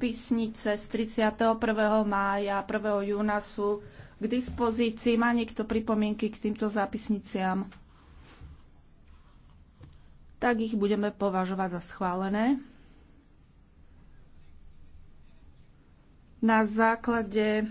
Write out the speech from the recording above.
Zápisnice z 31. mája 1. júna sú k dispozícii. Má niekto pripomienky k týmto zápisniciam? Tak ich budeme považovať za schválené. Na základe